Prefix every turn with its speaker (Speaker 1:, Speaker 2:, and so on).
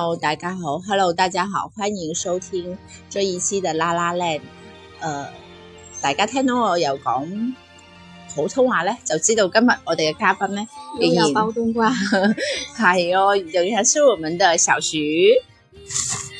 Speaker 1: Hello, 大家好，Hello，大家好，歡迎收聽這一期的 La La Land。誒、呃，大家聽到我又講普通話咧，就知道今日我哋嘅嘉賓咧，依然煲冬瓜，係原 哦，仲係是我們嘅小薯。